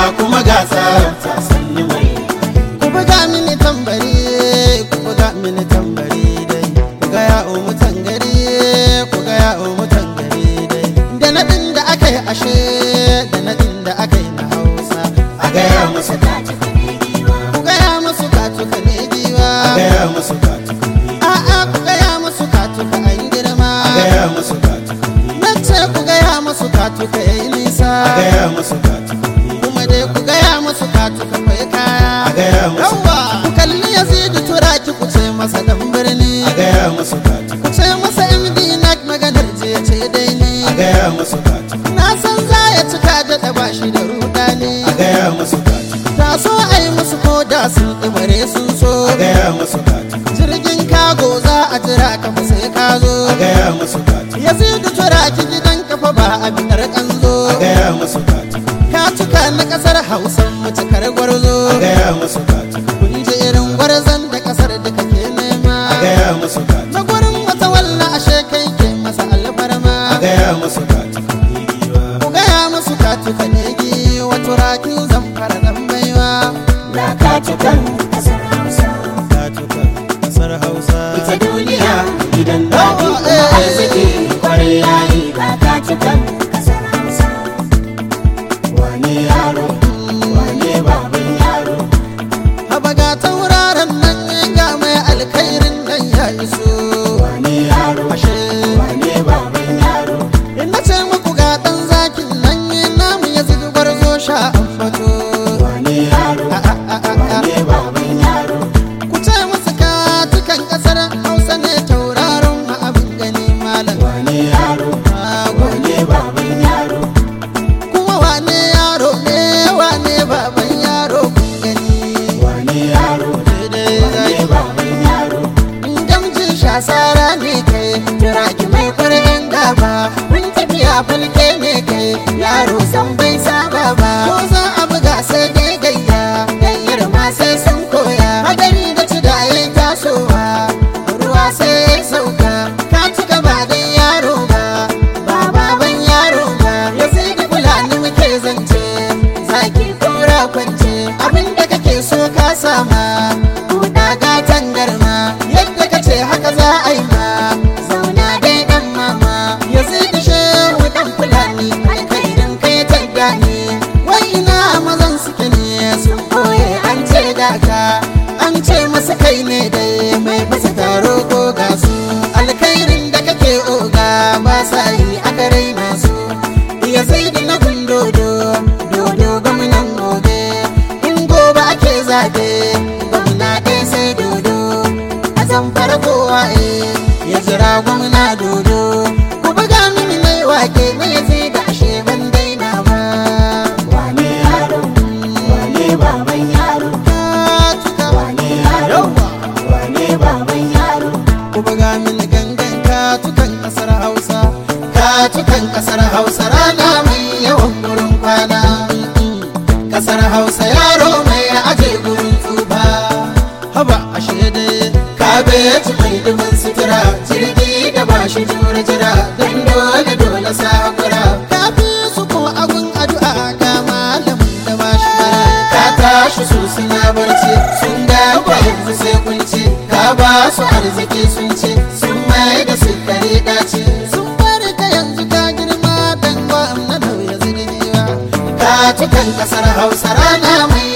gasa kuma ga tsafta ku buga mini tambari ku buga mini tambari dai ku ga ya o mutan gari ku ga ya o tangari dai da nadin da aka yi ashe musu ta tuka mai kaya a gaya musu ku kalli yazidu turaki ku ce masa dan birni a gaya musu ku ce masa md na maganar je ce dai ni a gaya musu na san za ya cika da ba shi da rudani a gaya musu ta so a yi musu ko da sun ɗumare sun so a gaya musu jirgin kago za a jira ka sai ka zo a gaya musu yazidu turaki gidan kafa ba a bitar kanzo a gaya musu gaya musu kati kanegi ba. Ku gaya musu kati kanegi wato raki zan fara zan baiwa. Ga kati kan kasar Hausa. Kati kan kasar Hausa. Ita duniya. kai ne dai mai bisa taro ko gasu alkhairin da kake oga oh, ba sa yi aka raina su iya sai da na gundodo dodo gwamnan gobe in gobe ake zaɓe gwamna ɗaya sai dodo a zamfara kowa eh ya jira gwamna dodo ku buga mini gangan katukan kasar hausa katukan kasar hausa rana mai yawan gurin kwana kasar hausa yaro mai aje gurin tuba haba ashe dai kabeji mai dumin sutura jirgi da bashi jura jira arziki sun ce sun maye da su kare dace sun bari ka yanzu ka girma dan wa na nauya zirgewa ka tukan kasar hausa rana mai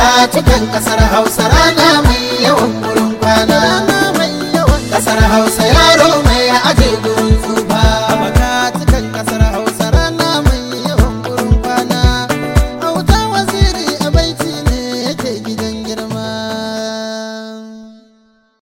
Dajukan kasar Hausa rana mai yawan gurin kwana. Kasar Hausa yaro mai